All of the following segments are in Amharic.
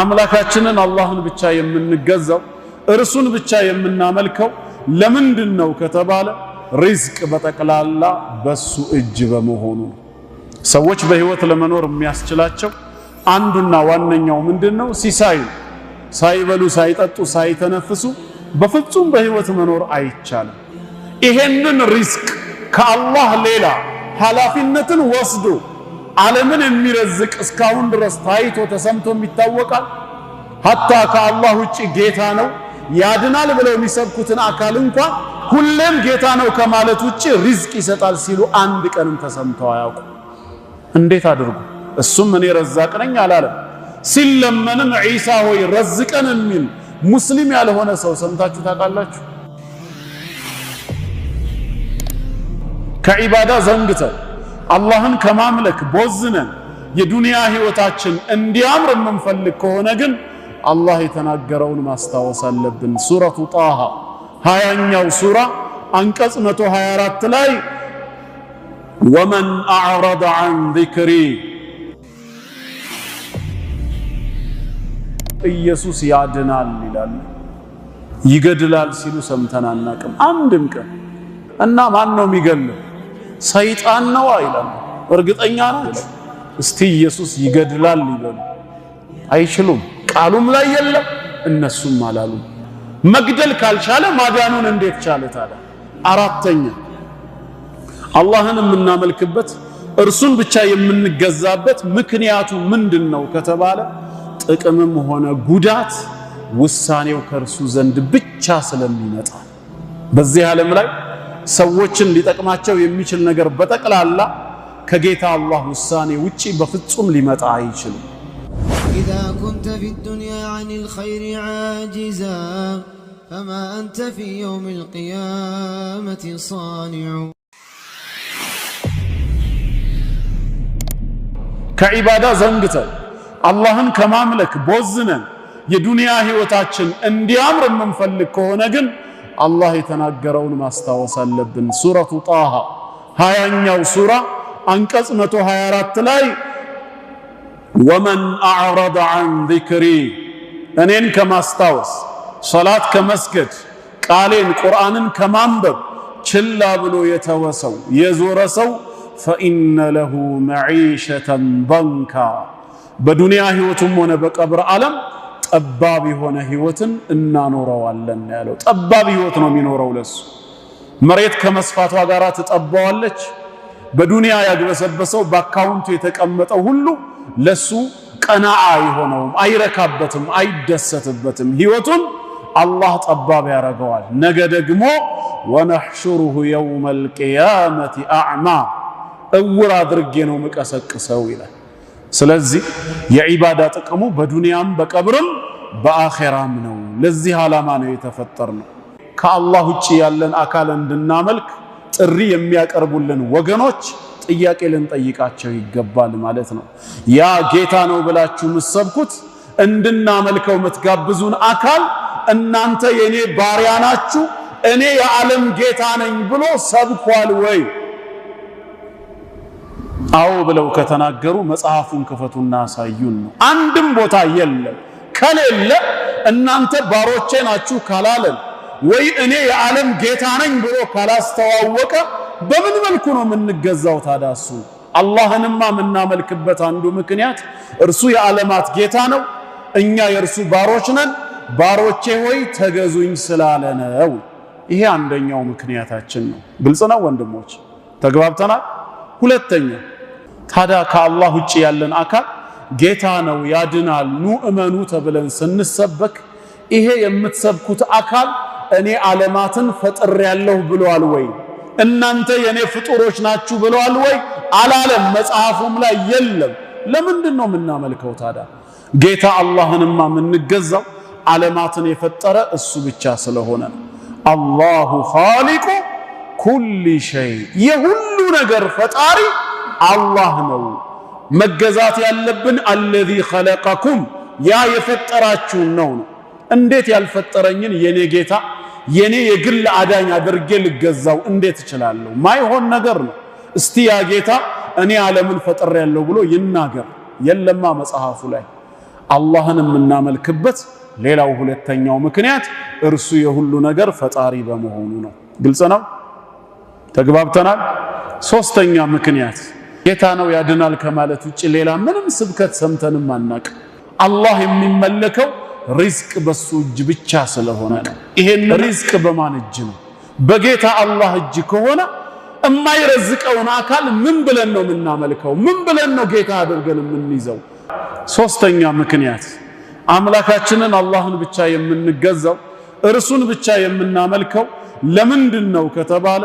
አምላካችንን አላህን ብቻ የምንገዛው እርሱን ብቻ የምናመልከው ለምንድን ነው ከተባለ ሪዝቅ በጠቅላላ በሱ እጅ በመሆኑ ሰዎች በህይወት ለመኖር የሚያስችላቸው አንዱና ዋነኛው ምንድን ነው? ሲሳይ ሳይበሉ ሳይጠጡ ሳይተነፍሱ በፍጹም በህይወት መኖር አይቻልም። ይሄንን ሪዝቅ ከአላህ ሌላ ኃላፊነትን ወስዶ ዓለምን የሚረዝቅ እስካሁን ድረስ ታይቶ ተሰምቶም ይታወቃል። ሀታ ከአላህ ውጭ ጌታ ነው ያድናል ብለው የሚሰብኩትን አካል እንኳን ሁሌም ጌታ ነው ከማለት ውጭ ሪዝቅ ይሰጣል ሲሉ አንድ ቀንም ተሰምተው አያውቁ። እንዴት አድርጉ? እሱም እኔ ረዛቅ ነኝ አላለም። ሲለመንም ዒሳ ሆይ ረዝቀን የሚል ሙስሊም ያልሆነ ሰው ሰምታችሁ ታውቃላችሁ? ከዒባዳ ዘንግተው አላህን ከማምለክ ቦዝነን የዱንያ ህይወታችን እንዲያምር የምንፈልግ ከሆነ ግን አላህ የተናገረውን ማስታወስ አለብን። ሱረቱ ጣሃ ሀያኛው ሱራ አንቀጽ 124 ላይ ወመን አዕረደ አን ዚክሪ ኢየሱስ ያድናል ይላል። ይገድላል ሲሉ ሰምተን አናቅም አንድም ቀን። እና ማን ነው የሚገለው? ሰይጣን ነው አይላል። እርግጠኛ ናቸው። እስቲ ኢየሱስ ይገድላል ይበሉ። አይችሉም። ቃሉም ላይ የለም፣ እነሱም አላሉ? መግደል ካልቻለ ማዳኑን እንዴት ቻለ ታዲያ? አራተኛ አላህን የምናመልክበት እርሱን ብቻ የምንገዛበት ምክንያቱ ምንድን ነው ከተባለ ጥቅምም ሆነ ጉዳት ውሳኔው ከእርሱ ዘንድ ብቻ ስለሚመጣ በዚህ ዓለም ላይ ሰዎችን ሊጠቅማቸው የሚችል ነገር በጠቅላላ ከጌታ አላህ ውሳኔ ውጪ በፍጹም ሊመጣ አይችልም። ኢዛ ኩንተ ፊ ዱንያ ዐኒል ኸይሪ ዓጂዛ ፈማ አንተ ፊ የውሚል ቂያመቲ ሷኒዑ። ከዒባዳ ዘንግተን አላህን ከማምለክ ቦዝነን የዱንያ ህይወታችን እንዲያምር የምንፈልግ ከሆነ ግን አላህ የተናገረውን ማስታወስ አለብን። ሱረቱ ጣሃ ሃያኛው ሱራ አንቀጽ 124 ላይ ወመን አዕረደ ዐን ዚክሪ እኔን ከማስታወስ ሰላት ከመስገድ ቃሌን ቁርአንን ከማንበብ ችላ ብሎ የተወ ሰው የዞረ ሰው ፈኢነ ለሁ መዒሸተን ደንካ በዱንያ ሕይወቱም ሆነ በቀብር ዓለም ጠባብ የሆነ ህይወትን እናኖረዋለን ያለው ጠባብ ህይወት ነው የሚኖረው ለሱ። መሬት ከመስፋቷ ጋር ትጠባዋለች። በዱንያ ያግበሰበሰው በአካውንቱ የተቀመጠው ሁሉ ለሱ ቀናአ አይሆነውም፣ አይረካበትም፣ አይደሰትበትም። ህይወቱን አላህ ጠባብ ያደርገዋል። ነገ ደግሞ ወነሕሹሩሁ የውመል ቂያመቲ አዕማ እውር አድርጌ ነው ምቀሰቅሰው ይላል። ስለዚህ የዒባዳ ጥቅሙ በዱንያም በቀብርም በአኼራም ነው። ለዚህ ዓላማ ነው የተፈጠር ነው። ከአላህ ውጭ ያለን አካል እንድናመልክ ጥሪ የሚያቀርቡልን ወገኖች ጥያቄ ልንጠይቃቸው ይገባል ማለት ነው። ያ ጌታ ነው ብላችሁ የምትሰብኩት እንድናመልከው የምትጋብዙን አካል እናንተ የእኔ ባሪያ ናችሁ፣ እኔ የዓለም ጌታ ነኝ ብሎ ሰብኳል ወይ? አዎ ብለው ከተናገሩ መጽሐፉን ክፈቱና አሳዩን ነው። አንድም ቦታ የለም። ከሌለ እናንተ ባሮቼ ናችሁ ካላለን ወይ እኔ የዓለም ጌታ ነኝ ብሎ ካላስተዋወቀ በምን መልኩ ነው የምንገዛው? ታዲያ እሱ አላህንማ የምናመልክበት አንዱ ምክንያት እርሱ የዓለማት ጌታ ነው፣ እኛ የእርሱ ባሮች ነን። ባሮቼ ሆይ ተገዙኝ ስላለነው ይሄ አንደኛው ምክንያታችን ነው። ግልጽ ነው ወንድሞች፣ ተግባብተናል። ሁለተኛ ታዲያ ከአላህ ውጭ ያለን አካል ጌታ ነው ያድናል፣ ኑ እመኑ ተብለን ስንሰበክ ይሄ የምትሰብኩት አካል እኔ ዓለማትን ያለሁ ብለዋል ወይ? እናንተ የእኔ ፍጡሮች ናችሁ ብለዋል ወይ? አላለም። መጽሐፉም ላይ የለም። ለምንድን ነው የምናመልከው ታዲያ? ጌታ አላህንማ የምንገዛው ዓለማትን የፈጠረ እሱ ብቻ ስለሆነ ነው። አላሁ ኻሊቁ ኩሊ ሸይ የሁሉ ነገር ፈጣሪ አላህ ነው። መገዛት ያለብን አለዚ ኸለቀኩም ያ የፈጠራችሁን ነው ነው። እንዴት ያልፈጠረኝን የኔ ጌታ የኔ የግል አዳኝ አድርጌ ልገዛው እንዴት እችላለሁ? ማይሆን ነገር ነው። እስቲ ያ ጌታ እኔ ዓለምን ያለው ብሎ ይናገር። የለማ መጽሐፉ ላይ አላህን የምናመልክበት ሌላው ሁለተኛው ምክንያት እርሱ የሁሉ ነገር ፈጣሪ በመሆኑ ነው። ግልጽ ነው። ተግባብተናል። ሶስተኛ ምክንያት ጌታ ነው ያድናል ከማለት ውጭ ሌላ ምንም ስብከት ሰምተንም አናቅ። አላህ የሚመለከው ሪዝቅ በሱ እጅ ብቻ ስለሆነ ይሄን ሪዝቅ በማን እጅ ነው? በጌታ አላህ እጅ ከሆነ የማይረዝቀውን አካል ምን ብለን ነው የምናመልከው? ምን ብለን ነው ጌታ አድርገን የምንይዘው? ሶስተኛ ምክንያት አምላካችንን አላህን ብቻ የምንገዛው እርሱን ብቻ የምናመልከው ለምንድን ነው ከተባለ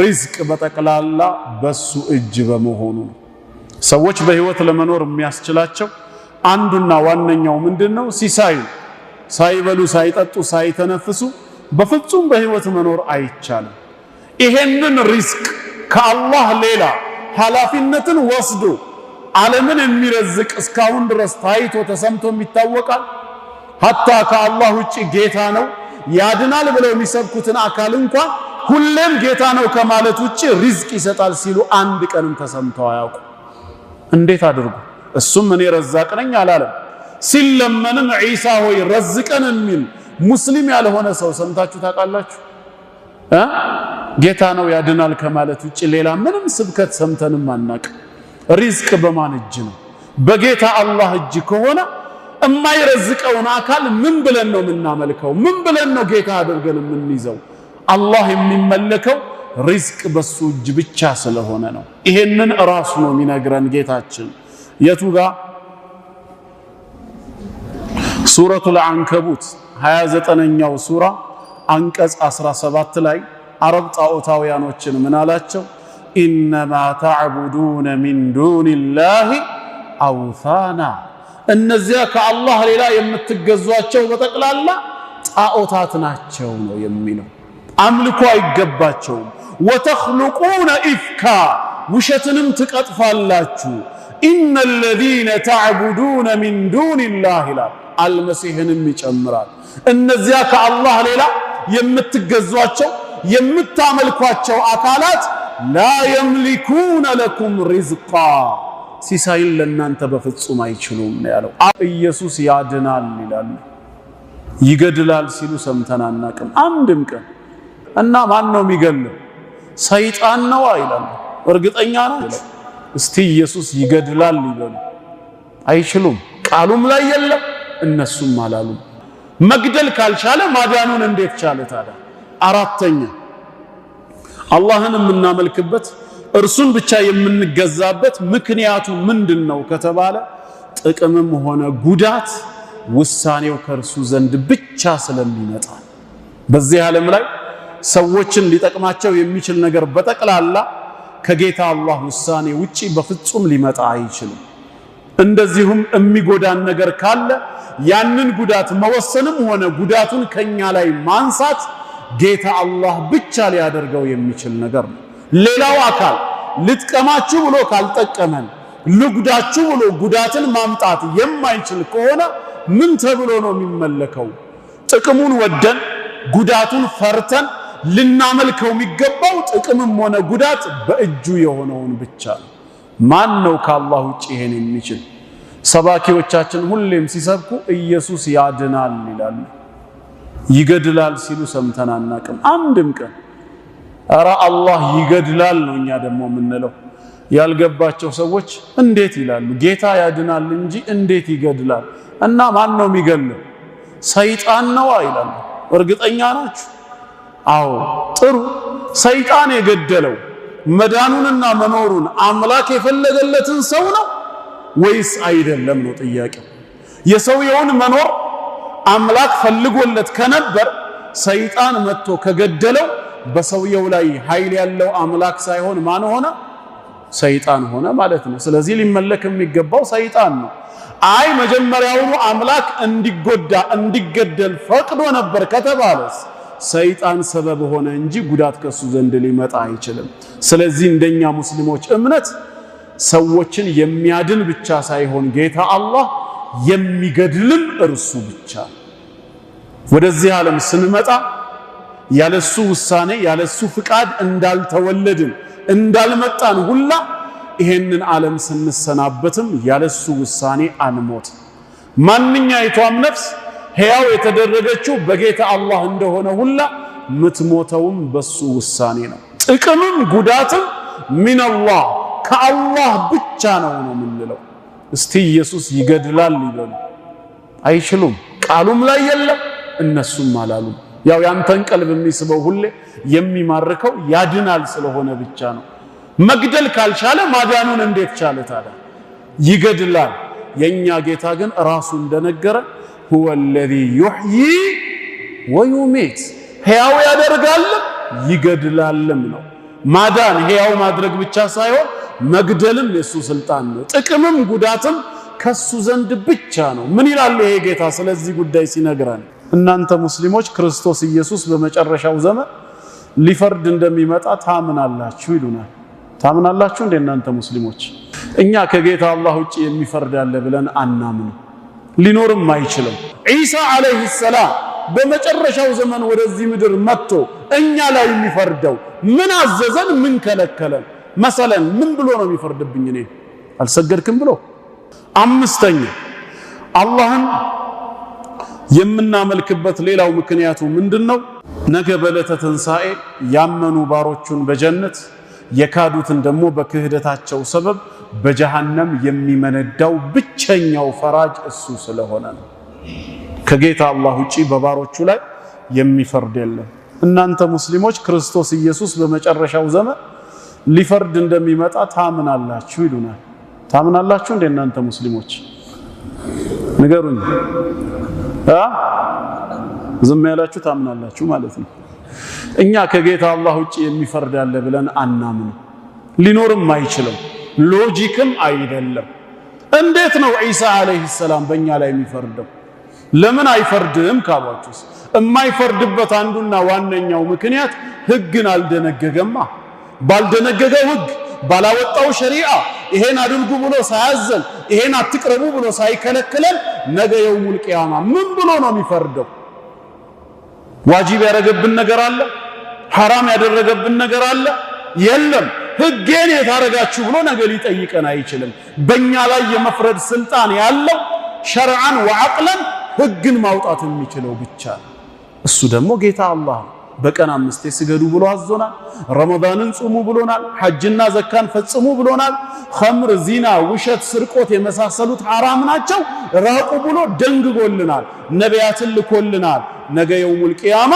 ሪዝቅ በጠቅላላ በሱ እጅ በመሆኑ ነው። ሰዎች በህይወት ለመኖር የሚያስችላቸው አንዱና ዋነኛው ምንድን ነው? ሲሳዩ ሳይበሉ ሳይጠጡ ሳይተነፍሱ በፍጹም በህይወት መኖር አይቻልም። ይሄንን ሪዝቅ ከአላህ ሌላ ኃላፊነትን ወስዶ ዓለምን የሚረዝቅ እስካሁን ድረስ ታይቶ ተሰምቶም ይታወቃል። ሀታ ከአላህ ውጭ ጌታ ነው ያድናል ብለው የሚሰብኩትን አካል እንኳን ሁሌም ጌታ ነው ከማለት ውጭ ሪዝቅ ይሰጣል ሲሉ አንድ ቀንም ተሰምተው አያውቁ። እንዴት አድርጉ? እሱም እኔ ረዛቅ ነኝ አላለም። ሲለመንም ዒሳ ሆይ ረዝቀን የሚል ሙስሊም ያልሆነ ሰው ሰምታችሁ ታውቃላችሁ? ጌታ ነው ያድናል ከማለት ውጭ ሌላ ምንም ስብከት ሰምተንም አናቅ። ሪዝቅ በማን እጅ ነው? በጌታ አላህ እጅ ከሆነ እማይረዝቀውን አካል ምን ብለን ነው የምናመልከው? ምን ብለን ነው ጌታ አድርገን የምንይዘው? አላህ የሚመለከው ሪዝቅ በሱ እጅ ብቻ ስለሆነ ነው። ይሄንን ራሱ ነው የሚነግረን ጌታችን። የቱ ጋ ሱረቱ አንከቡት 29ኛው ሱራ አንቀጽ 17 ላይ አረብ ጣዖታውያኖችን ምን አላቸው? ኢነማ ተዕቡዱነ ሚን ዱንላህ አውታና እነዚያ ከአላህ ሌላ የምትገዟቸው በጠቅላላ ጣዖታት ናቸው ነው የሚለው አምልኮ አይገባቸውም። ወተኽሉቁነ ኢፍካ ውሸትንም ትቀጥፋላችሁ። ኢነ ለዚነ ተዕቡዱነ ሚን ዱንላህ ይላል። አልመሲህንም ይጨምራል። እነዚያ ከአላህ ሌላ የምትገዟቸው የምታመልኳቸው አካላት ላ የምሊኩነ ለኩም ሪዝቃ ሲሳይን ለእናንተ በፍጹም አይችሉም ያለው ኢየሱስ ያድናል ይላሉ። ይገድላል ሲሉ ሰምተን አናቅም አንድም ቀን እና ማን ነው የሚገድለው? ሰይጣን ነው ይላሉ። እርግጠኛ ናቸው? እስቲ ኢየሱስ ይገድላል ይበሉ። አይችሉም። ቃሉም ላይ የለም፣ እነሱም አላሉም። መግደል ካልቻለ ማዳኑን እንዴት ቻለ ታዲያ? አራተኛ አላህን የምናመልክበት እርሱን ብቻ የምንገዛበት ምክንያቱ ምንድን ነው ከተባለ ጥቅምም ሆነ ጉዳት ውሳኔው ከእርሱ ዘንድ ብቻ ስለሚመጣ በዚህ ዓለም ላይ ሰዎችን ሊጠቅማቸው የሚችል ነገር በጠቅላላ ከጌታ አላህ ውሳኔ ውጪ በፍጹም ሊመጣ አይችልም። እንደዚሁም የሚጎዳን ነገር ካለ ያንን ጉዳት መወሰንም ሆነ ጉዳቱን ከኛ ላይ ማንሳት ጌታ አላህ ብቻ ሊያደርገው የሚችል ነገር ነው። ሌላው አካል ልጥቀማችሁ ብሎ ካልጠቀመን፣ ልጉዳችሁ ብሎ ጉዳትን ማምጣት የማይችል ከሆነ ምን ተብሎ ነው የሚመለከው? ጥቅሙን ወደን ጉዳቱን ፈርተን ልናመልከው የሚገባው ጥቅምም ሆነ ጉዳት በእጁ የሆነውን ብቻ ነው። ማን ነው ከአላህ ውጭ ይሄን የሚችል? ሰባኪዎቻችን ሁሌም ሲሰብኩ ኢየሱስ ያድናል ይላሉ። ይገድላል ሲሉ ሰምተን አናቅም አንድም ቀን። እረ አላህ ይገድላል ነው እኛ ደግሞ የምንለው። ያልገባቸው ሰዎች እንዴት ይላሉ? ጌታ ያድናል እንጂ እንዴት ይገድላል? እና ማን ነው የሚገድለው? ሰይጣን ነዋ ይላሉ። እርግጠኛ ናችሁ? አዎ ጥሩ። ሰይጣን የገደለው መዳኑንና መኖሩን አምላክ የፈለገለትን ሰው ነው ወይስ አይደለም ነው ጥያቄው። የሰውየውን መኖር አምላክ ፈልጎለት ከነበር ሰይጣን መጥቶ ከገደለው በሰውየው ላይ ኃይል ያለው አምላክ ሳይሆን ማን ሆነ? ሰይጣን ሆነ ማለት ነው። ስለዚህ ሊመለክ የሚገባው ሰይጣን ነው። አይ መጀመሪያውኑ አምላክ እንዲጎዳ እንዲገደል ፈቅዶ ነበር ከተባለስ ሰይጣን ሰበብ ሆነ እንጂ ጉዳት ከሱ ዘንድ ሊመጣ አይችልም። ስለዚህ እንደኛ ሙስሊሞች እምነት ሰዎችን የሚያድን ብቻ ሳይሆን ጌታ አላህ የሚገድልም እርሱ ብቻ። ወደዚህ ዓለም ስንመጣ ያለሱ ውሳኔ ያለሱ ፍቃድ እንዳልተወለድን እንዳልመጣን ሁላ ይሄንን ዓለም ስንሰናበትም ያለሱ ውሳኔ አንሞት። ማንኛይቷም ነፍስ ሕያው የተደረገችው በጌታ አላህ እንደሆነ ሁላ ምትሞተውም በሱ ውሳኔ ነው። ጥቅምም ጉዳትም ሚነላህ ከአላህ ብቻ ነው ነው የምንለው። እስቲ ኢየሱስ ይገድላል ይበሉ፣ አይችሉም። ቃሉም ላይ የለም፣ እነሱም አላሉም። ያው ያንተን ቀልብ የሚስበው ሁሌ የሚማርከው ያድናል ስለሆነ ብቻ ነው። መግደል ካልቻለ ማዳኑን እንዴት ቻለ ታዲያ? ይገድላል። የእኛ ጌታ ግን ራሱ እንደነገረ ሁወ ለዚ ዩሕዪ ወዩሚት ሕያው ያደርጋልም ይገድላልም ነው። ማዳን ሕያው ማድረግ ብቻ ሳይሆን መግደልም የእሱ ስልጣን ነው። ጥቅምም ጉዳትም ከሱ ዘንድ ብቻ ነው። ምን ይላሉ ይሄ ጌታ ስለዚህ ጉዳይ ሲነግረን? እናንተ ሙስሊሞች ክርስቶስ ኢየሱስ በመጨረሻው ዘመን ሊፈርድ እንደሚመጣ ታምናላችሁ ይሉናል። ታምናላችሁ እንደ እናንተ ሙስሊሞች እኛ ከጌታ አላህ ውጭ የሚፈርድ አለ ብለን አናምኑ። ሊኖርም አይችልም። ዒሳ ዓለይሂ ሰላም በመጨረሻው ዘመን ወደዚህ ምድር መጥቶ እኛ ላይ የሚፈርደው ምን አዘዘን? ምን ከለከለን? መሰለን ምን ብሎ ነው የሚፈርድብኝ? እኔ አልሰገድክም ብሎ። አምስተኛ አላህን የምናመልክበት ሌላው ምክንያቱ ምንድን ነው? ነገ በዕለተ ትንሣኤ ያመኑ ባሮቹን በጀነት የካዱትን ደግሞ በክህደታቸው ሰበብ በጀሃነም የሚመነዳው ብቸኛው ፈራጅ እሱ ስለሆነ ነው። ከጌታ አላህ ውጪ በባሮቹ ላይ የሚፈርድ የለም። እናንተ ሙስሊሞች ክርስቶስ ኢየሱስ በመጨረሻው ዘመን ሊፈርድ እንደሚመጣ ታምናላችሁ ይሉናል። ታምናላችሁ እንደ እናንተ ሙስሊሞች ንገሩኝ። ዝም ያላችሁ ታምናላችሁ ማለት ነው። እኛ ከጌታ አላህ ውጪ የሚፈርድ አለ ብለን አናምንም፣ ሊኖርም አይችልም። ሎጂክም አይደለም። እንዴት ነው ዒሳ ዓለይሂ ሰላም በእኛ ላይ የሚፈርደው? ለምን አይፈርድም ካሏችሁስ፣ የማይፈርድበት አንዱና ዋነኛው ምክንያት ህግን አልደነገገማ። ባልደነገገው ህግ ባላወጣው ሸሪዓ ይሄን አድርጉ ብሎ ሳያዘን ይሄን አትቅረቡ ብሎ ሳይከለክለን ነገ የውሙል ቂያማ ምን ብሎ ነው የሚፈርደው? ዋጅብ ያደረገብን ነገር አለ? ሐራም ያደረገብን ነገር አለ? የለም። ህጌን የታረጋችሁ ብሎ ነገ ሊጠይቀን አይችልም። በእኛ ላይ የመፍረድ ስልጣን ያለው ሸርዓን ወዐቅለን ህግን ማውጣት የሚችለው ብቻ ነው። እሱ ደግሞ ጌታ አላህ ነው። በቀን አምስቴ ስገዱ ብሎ አዞናል። ረመዳንን ጹሙ ብሎናል። ሐጅና ዘካን ፈጽሙ ብሎናል። ኸምር፣ ዚና፣ ውሸት፣ ስርቆት የመሳሰሉት ሐራም ናቸው ራቁ ብሎ ደንግጎልናል። ነቢያትን ልኮልናል። ነገ የውሙል ቂያማ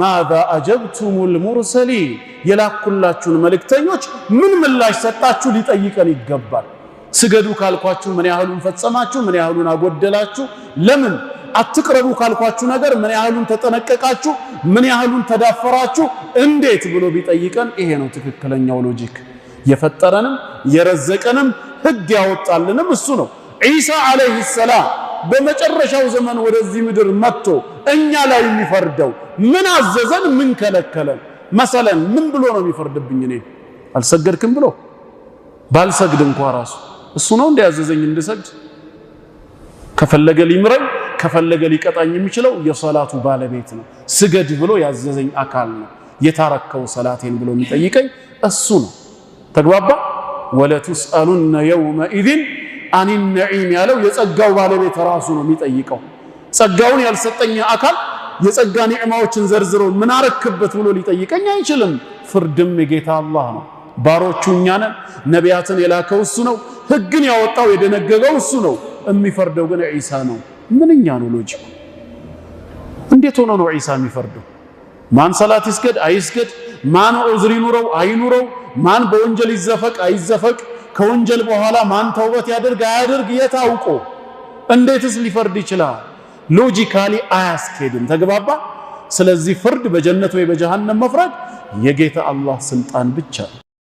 ማዛ አጀብቱሙል ሙርሰሊን የላኩላችሁን መልእክተኞች ምን ምላሽ ሰጣችሁ? ሊጠይቀን ይገባል። ስገዱ ካልኳችሁ ምን ያህሉን ፈጸማችሁ? ምን ያህሉን አጎደላችሁ? ለምን አትቅረቡ ካልኳችሁ ነገር ምን ያህሉን ተጠነቀቃችሁ? ምን ያህሉን ተዳፈራችሁ? እንዴት ብሎ ቢጠይቀን፣ ይሄ ነው ትክክለኛው ሎጂክ። የፈጠረንም የረዘቀንም ህግ ያወጣልንም እሱ ነው። ዒሳ ዓለይሂ ሰላም በመጨረሻው ዘመን ወደዚህ ምድር መጥቶ እኛ ላይ የሚፈርደው ምን አዘዘን? ምን ከለከለን? መሰለን ምን ብሎ ነው የሚፈርድብኝ? እኔ አልሰገድክም ብሎ ባልሰግድ እንኳ ራሱ እሱ ነው እንዲያዘዘኝ እንድሰግድ። ከፈለገ ሊምረኝ ከፈለገ ሊቀጣኝ የሚችለው የሰላቱ ባለቤት ነው። ስገድ ብሎ ያዘዘኝ አካል ነው። የታረከው ሰላቴን ብሎ የሚጠይቀኝ እሱ ነው። ተግባባ። ወለቱስአሉነ የውመኢዝን አኒ ነዒም ያለው የጸጋው ባለቤት ራሱ ነው የሚጠይቀው። ጸጋውን ያልሰጠኝ አካል የጸጋ ኒዕማዎችን ዘርዝሮ ምን አረክበት ብሎ ሊጠይቀኝ አይችልም። ፍርድም የጌታ አላህ ነው። ባሮቹ እኛ ነን። ነቢያትን የላከው እሱ ነው። ህግን ያወጣው የደነገገው እሱ ነው። የሚፈርደው ግን ዒሳ ነው። ምንኛ ነው ሎጂኩ? እንዴት ሆኖ ነው ዒሳ የሚፈርደው? ማን ሰላት ይስገድ አይስገድ፣ ማን ዑዝር ይኑረው አይኑረው፣ ማን በወንጀል ይዘፈቅ አይዘፈቅ ከወንጀል በኋላ ማን ተውበት ያደርግ አያደርግ የታውቆ እንዴትስ ሊፈርድ ይችላል? ሎጂካሊ አያስኬድም። ተግባባ። ስለዚህ ፍርድ በጀነት ወይ በጀሃነም መፍረድ የጌታ አላህ ስልጣን ብቻ ነው።